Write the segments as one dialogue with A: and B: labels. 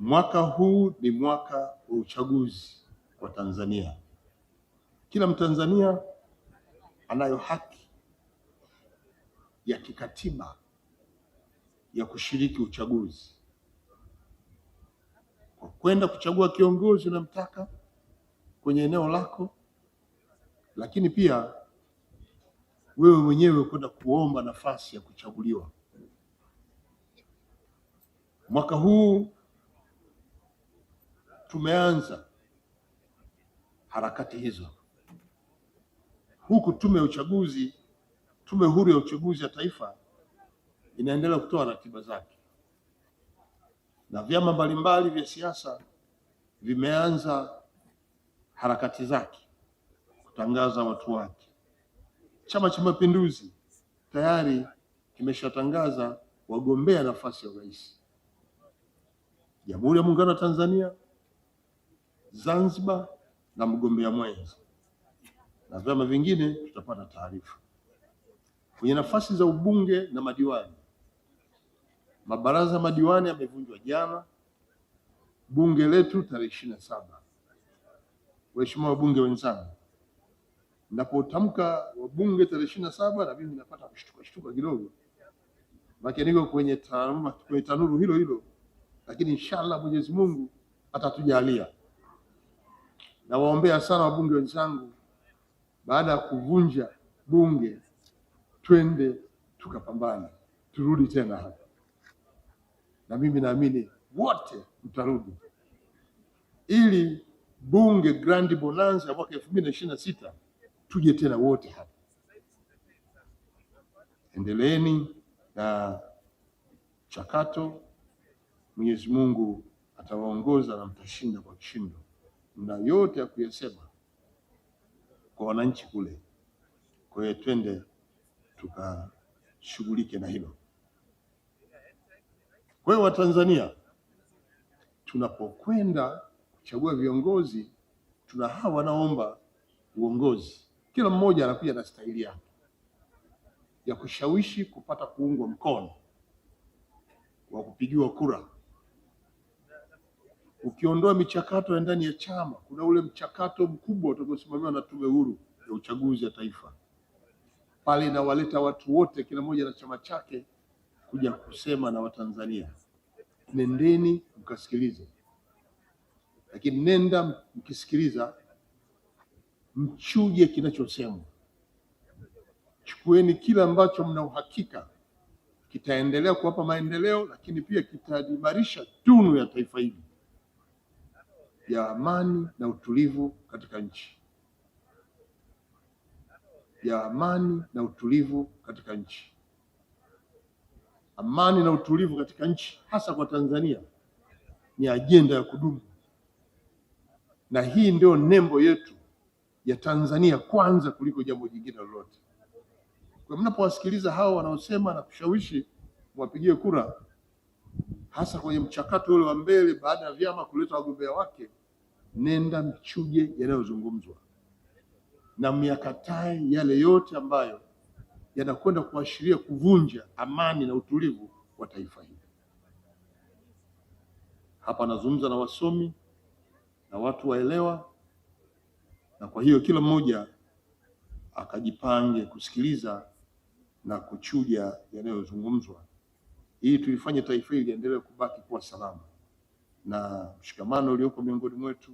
A: Mwaka huu ni mwaka wa uchaguzi kwa Tanzania. Kila Mtanzania anayo haki ya kikatiba ya kushiriki uchaguzi kwa kwenda kuchagua kiongozi unamtaka kwenye eneo lako, lakini pia wewe mwenyewe kwenda kuomba nafasi ya kuchaguliwa. Mwaka huu tumeanza harakati hizo huku tume ya uchaguzi, tume huru ya uchaguzi ya taifa inaendelea kutoa ratiba zake, na vyama mbalimbali vya siasa vimeanza harakati zake kutangaza watu wake. Chama cha Mapinduzi tayari kimeshatangaza wagombea nafasi ya urais Jamhuri ya Muungano wa Tanzania Zanzibar na mgombea mwenza, na vyama vingine tutapata taarifa. Kwenye nafasi za ubunge na madiwani, mabaraza madiwani yamevunjwa jana, bunge letu tarehe ishirini na saba. Waheshimiwa wabunge wenzangu, napotamka wabunge tarehe ishirini na saba na mimi napata kushtuka shtuka kidogo, maana niko kwenye tanuru hilo hilo, lakini inshallah Mwenyezi Mungu atatujalia. Nawaombea sana wabunge wenzangu, baada ya kuvunja bunge twende tukapambane, turudi tena hapa, na mimi naamini wote mtarudi ili bunge grandi bonanza ya mwaka elfu mbili na ishirini na sita tuje tena wote hapa. Endeleeni na chakato Mwenyezi Mungu atawaongoza na mtashinda kwa kishindo na yote ya kuyasema kwa wananchi kule. Kwa hiyo twende tukashughulike na hilo. Kwa hiyo Watanzania, tunapokwenda kuchagua viongozi, tuna hawa wanaomba uongozi, kila mmoja anakuja na staili yake ya kushawishi kupata kuungwa mkono wa kupigiwa kura. Ukiondoa michakato ya ndani ya chama, kuna ule mchakato mkubwa utakaosimamiwa na Tume Huru ya Uchaguzi ya Taifa. Pale inawaleta watu wote, kila mmoja na chama chake, kuja kusema na Watanzania. Nendeni mkasikilize, lakini nenda mkisikiliza, mchuje kinachosemwa, chukueni kile ambacho mna uhakika kitaendelea kuwapa maendeleo, lakini pia kitaimarisha tunu ya taifa hili ya amani na utulivu katika nchi ya amani na utulivu katika nchi. Amani na utulivu katika nchi, hasa kwa Tanzania, ni ajenda ya kudumu, na hii ndio nembo yetu ya Tanzania kwanza kuliko jambo jingine lolote. Kwa mnapowasikiliza hao wanaosema na kushawishi mwapigie kura, hasa kwenye mchakato ule wa mbele, baada ya vyama kuleta wagombea wake nenda mchuje yanayozungumzwa na myakatae yale yote ambayo yanakwenda kuashiria kuvunja amani na utulivu wa taifa hili. Hapa anazungumza na wasomi na watu waelewa, na kwa hiyo kila mmoja akajipange kusikiliza na kuchuja yanayozungumzwa, ili tulifanye taifa hili liendelee kubaki kuwa salama na mshikamano ulioko miongoni mwetu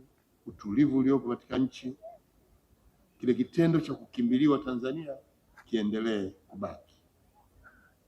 A: utulivu uliopo katika nchi, kile kitendo cha kukimbiliwa Tanzania kiendelee kubaki.